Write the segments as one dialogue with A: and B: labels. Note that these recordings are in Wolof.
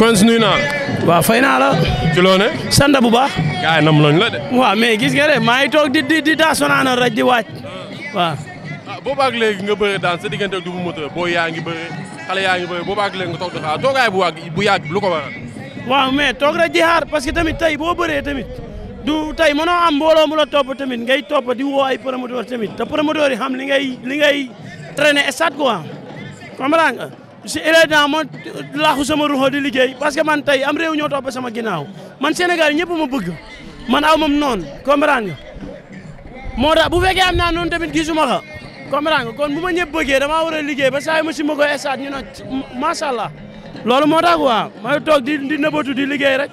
A: kon nuyu naa la. waaw fay naa la. ci loone sant bu baax. gars yi nam lañ la de. waa mais gis nga de maa ngi toog di di di daa raj di waaj
B: waaw. ah boobaag léegi nga bëre daan sa diggante ak Double Moteur boo yaa ngi bëre xale yaa ngi bëre boobaag léegi nga toog di xaar toogaay bu yàgg bu yàgg lu ko waral.
A: waaw mais toog rek di xaar parce que tamit tey boo bëree tamit du tey mënoo am mbooloo mu la topp tamit ngay topp di woo ay promoteur tamit te promoteur yi xam li ngay li ngay traîner stade quoi comprendre si temps ma laaxu sama ruxo di liggéey parce que man tey am réew ñoo topp sama ginnaaw man Sénégal ñëpp ma bëgg man aw mam noonu comprendre nga moo tax bu fekkee am naa noonu tamit gisuma ko comprendre kon bu ma ñëpp bëggee damaa war a liggéey ba saa ma si ma koy estaat ñu ne macha allah loolu moo tax quoi may toog di di nëbatu di liggéey rek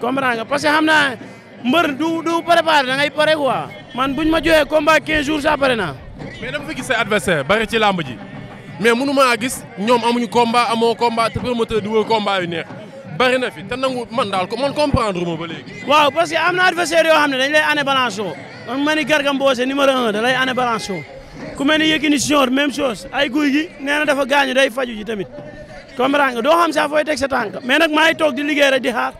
A: comprendre nga parce que xam naa mbër
B: du du préparé da ngay pare quoi man buñ ma joxee combat 15 jours ça pare naa. mais dama fi gis ci làmb ji. mais mënu maa gis ñoom amuñu combat amoo combat te promoteur di wër combat yu neex bari fi te man daal ko man comprendre ma ba léegi. waaw parce que am na adversaire
A: yoo xam ne dañ lay année balance yoo man ma ni Garga Mbossé numéro un da lay année balance yoo ku mel ni Yékini Junior même chose ay guy gi dafa gaañu day faju ji tamit doo xam sax fooy teg sa tànk mais nag maa ngi toog di liggéey rek di xaar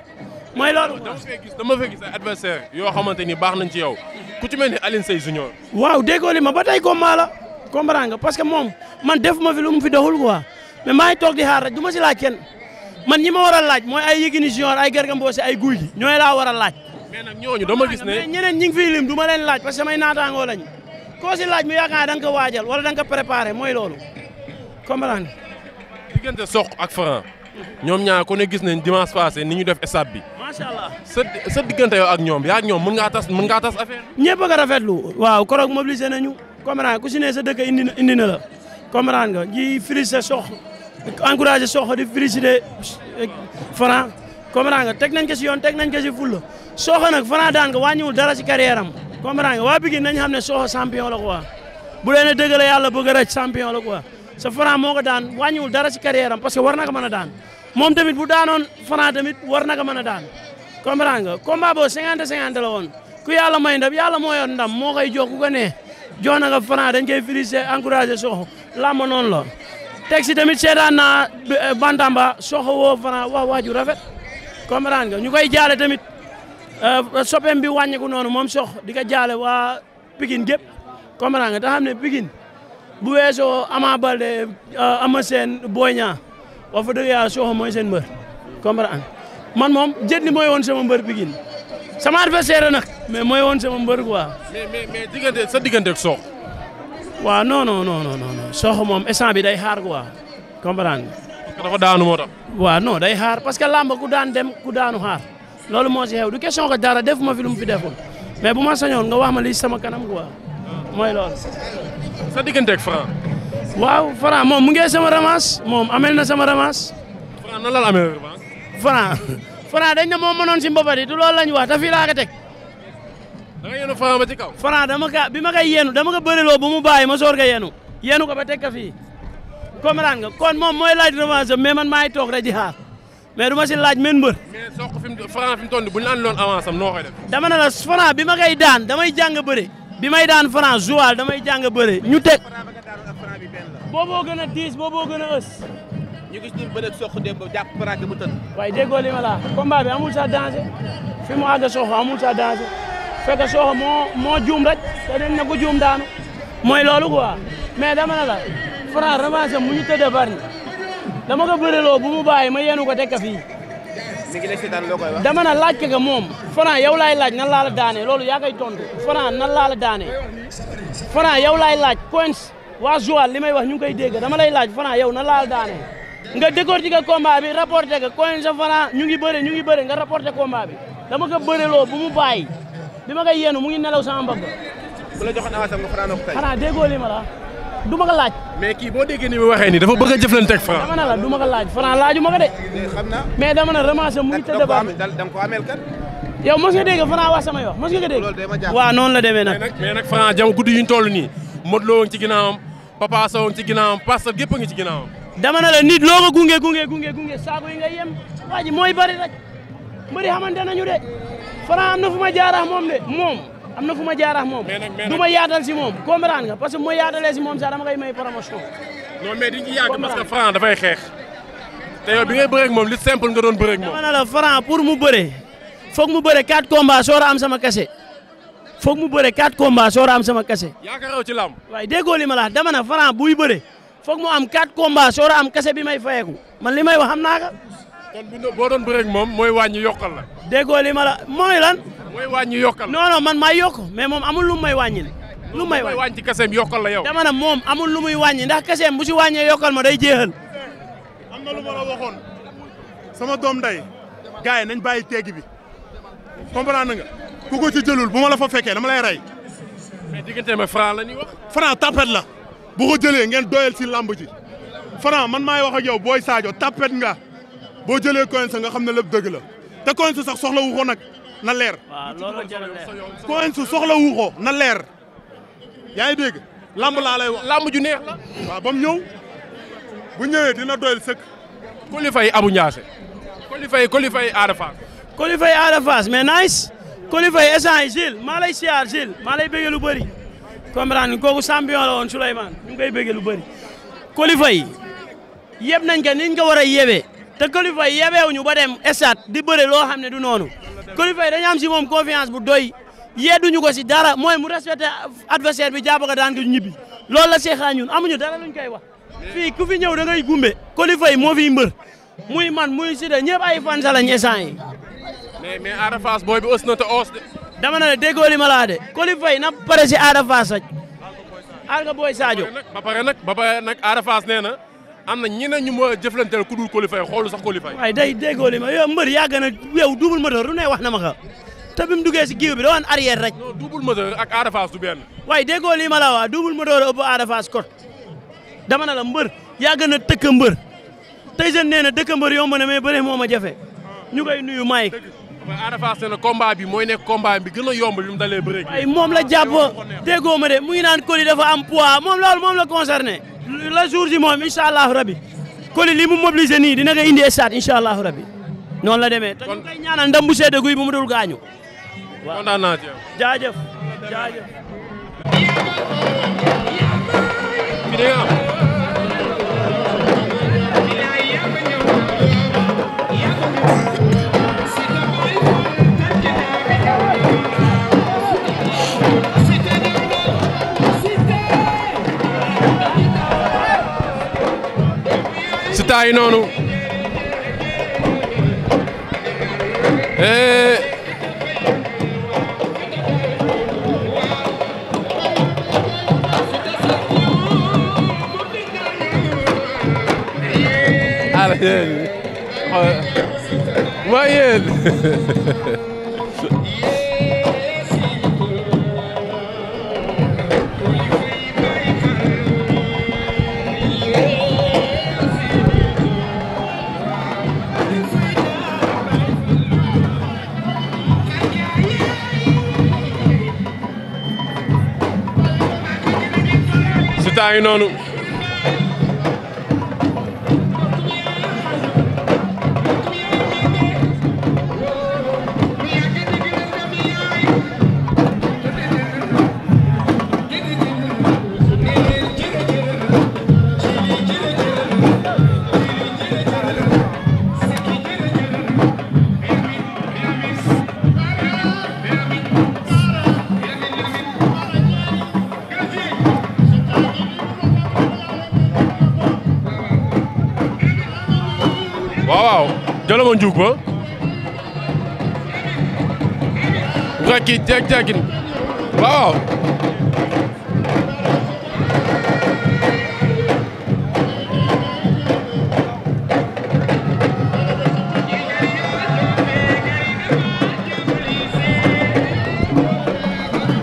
B: mooy loolu. dama fee dama fee ay adversaire yoo xamante ni baax nañ ci yow ku ci mel ni waaw déggoo li ma ba la.
A: comprendre nga parce que moom man def ma fi lu mu fi doxul quoi mais maa ngi toog di xaar rek si laaj kenn man ñi ma war a laaj mooy ay Yékini Junior ay Garga Mbossé ay Gouye ñooy laa war a laaj. mais dama gis ne ñeneen ñi ngi fiy lim du ma leen laaj parce que samay naataangoo lañ koo si laaj mu yaakaar da nga ko waajal wala da nga mooy loolu comprendre nga.
B: diggante Sokh ak Franc ñoom ñaa ku ne gis nañ dimanche passé ni ñu def stade bi. sa sa diggante yow ak ñoom yaa ak ñoom mën ngaa tas mën ngaa tas affaire.
A: ñëpp a ko waaw koroog mobilisé nañu. comprendre ku si ne sa dëkk indi na indi na la comprendre nga ji félicité sox encouragé sox di félicité eh, Franc comprendre nga teg nañ ko si yoon teg nañ ko si fulla soxo nag Franc daan ko wàññiwul dara si carrière am comprendre nga waa Pikine nañ xam ne soxo champion la quoi bu dee ne dëgg la yàlla bëgg a rëcc champion la sa Franc moo ko daan wàññiwul dara si carrière am parce que war na mën a daan moom tamit bu daanoon Franc tamit war na ko mën a daan comprendre nga combat boobu 50 50 la woon yàlla may ndam yàlla jox na nga franc dañ koy féliciter encourager soxo làmb noonu la teg si tamit seetaan naa eh, bantamba soxo woo franc wax waaju rafet comprendre nga ñu koy jaale tamit eh, soppeem bi wàññeeku noonu moom sox di ko jaale waa Pikine gépp comprendre nga te ne Pikine bu weesoo Ama Baldé ama eh, seen Boy Niang wax fa dëgg yàlla soxo mooy seen mbër comprendre man moom jët ni mooy woon sama mbër Pikine sama adversaire
B: nag mais mooy woon sama mbër quoi. mais mais mais diggante sa diggante ak Sokh.
A: waaw no non non non moom instant bi day xaar quoi comprendre nga. dafa daanu moo tax. waaw no day xaar parce que làmb ku daan dem ku daanu xaar loolu moo si xew du question ko daara def ma fi lu mu fi deful mais bu ma sañoon nga wax ma lii sama kanam quoi mooy
B: loolu. sa diggante ak Franc. waaw Franc moom mu ngi sama ramas moom amel na sama ramas. Franc nan la la amee ramas.
A: Franc Franc dañ ne moom mënoon si mboba di du loolu lañ te da nga yéenu Franc ba ci kaw. Franc dama ka bi ma koy yéenu dama ko bëriloo bu mu bàyyi ma soor ko yéenu yéenu ko ba teg ka fii comprendre nga kon moom mooy laaj revanche mais man maay toog rek di xaar du ma si laaj men mbër.
B: mais soog fi mu
A: Franc fi bu ñu la andiloon avance am dama ne la Franc bi ma koy daan damay jàng bëre bi may daan Franc joual damay jàng bëre ñu teg. booboo gën a diis booboo gën a ës. ñu gis ñu bëre soq dem ba mu tën. waaye déggoo li ma la combat bi amul sa danger fi mu àgg fekk sooxa moo moo juum rek te dañ ne ko juum daanu mooy loolu quoi mais dama ne la Franc revanche mu ñu tëddee dama ko bëreloo bu mu bàyyi ma yenu ko teg ka fii. mi ngi lay seetaan dama na laaj ka moom Franc yow laay laaj nan laa la daane loolu yaa koy tontu Franc nan laa daane Franc yow laay laaj coins waa Joal li may wax ñu ngi koy dégg dama lay laaj Franc yow na laa la daane nga décortiquer combat bi rapporté ko coins sa Franc ñu ngi bëre ñu ngi nga rapporté combat bi dama ko bëreloo bu bi ma koy yeenu mu ngi nelaw sama mbagg. bu la joxoon ko ma la du ma laaj. mais kii boo déggee ni mu waxee nii dafa bëgg a jëflanteeg Franc. dama ne ma ko laaj Franc laaju ma ko de. xam mais dama ne remanche mu ngi tëdd ba. da nga ko ameel kat. yow mos nga dégg Franc ma jaaxal waaw noonu la
B: demee nag. mais nag Franc jam guddi yu ñu toll nii Modou Lo woon ci ginnaawam Papa Sow woon ci ginnaawam Pasta gépp ngi ci ginnaawam. dama ne la nit loo ko gunge gunge
A: gunge gunge yi nga yem
B: waa ji mooy bari rek
A: mbëri xamante nañu de Franc am na fu ma jaarax moom de moom am na fu ma jaarax moom du ma yaatal si moom comprendre nga parce que ma yaatalee si moom sax dama koy may promotion
B: non mais diñ ci yàgg parce que Franc dafay xeex te yow bi ngay bëreeg
A: moom li simple nga doon bëreeg moom dama ne la Franc pour mu bëre foog mu bëre quatre combats soora am sama kese foog mu bëre quatre combats soora am sama kese
B: yaakaaroo ci lamb waaye
A: déggoo li ma la dama ne Franc buy bëre foog mu am quatre combats am kese bi may fayeeku man li may wax xam kon bu boo doon bëreeg moom mooy wàññi yokkal la. déggoo li ma la mooy lan. mooy wàññi yokkal la man maa yokk mais moom amul lu may wàññi. lu may wàññi kaseem yokkal la yow. dama ne moom amul lu muy wàññi ndax kaseem bu si wàññee yokkal ma day jeexal.
B: am na lu ma la waxoon sama doom nday gars nañ bàyyi teggi bi comprendre nga ku ko jëlul bu ma la fa fekkee dama lay rey. mais diggante ma la ñuy wax. Franc tapet la bu ko jëlee ngeen doyal si lamb ji Franc man maay wax ak yow booy saajo tapet nga. boo jëlee Coense nga xam ne lépp dëgg la te Coense sax soxla wu ko nag na leer.
A: waaw loolu jërë leer
B: Coense soxla wu na leer. yaa ngi dégg lamb laa lay wax lamb ju neex la. waaw bu ñëwee dina doyal sëkk. kolifay Abou Ndiassé.
A: kolifay kolifay Ada Fass. kolifay Ada Fass mais nice. kolifay essence maa lay siyaar Gilles maa lay bëggee lu bëri. comprendre kooku champion la woon Souleymane ñu ngi koy bëggee lu bëri. kolifay yeb nañ ko niñ ko war a yebee. te kilifa yi yebeewuñu ba dem stade di bëre loo xam ne du noonu kilifa yi dañu am si moom confiance bu doy yedduñu ko si dara mooy mu respecté adversaire bi jàpp ko daan ko ñibbi loolu la seexaa amuñu dara luñ koy wax fii ku fi ñëw da ngay gumbe kilifa yi moo fiy mbër muy man muy Siteu ñëpp ay fan sa lañ instant yi
B: mais mais Ada booy bi ës na te de. dama ne la déggoo li ma laa de na pare si Ada Fass rek. Alga Boy Sadio ba ba pare nag Ada Fass nee na am na ñeneen ñu ma jëflanteel ku dul qualifié xoolu sax qualifié. waaye day
A: déggoo li ma yow mbër yàgg na yow ma moteur lu ne wax na ma te bi mu duggee si giiw bi da woon arrière rek. non
B: double moteur ak a Fass du benn.
A: waaye déggoo li ma la waa double moteur ëpp Ada Fass kot dama na la mbër yàgg na tëkk mbër tey jën nee na dëkk mbër yomb na mais bëre moo ma jafe ñu koy nuyu Mike. waaye Ada Fass ne combat bi mooy nekk combat bi gën a yomb bi mu dalee bëre. la jàpp déggoo ma de mu ngi naan colis dafa am poids moom la concerné. le jour ji moom incha allahu rabi Coly li mu mobiliser nii dina ko indi stade incha allahu rabi noonu la demee. kon te ñu koy seede guy bu mu dul gaañu. waaw kontaan naa ci jaajëf jaajëf.
B: baa ngi noonu ala yéen mooy yéen gaa ngi noonu. Galama Ndiouba rakki jeg jegin waaw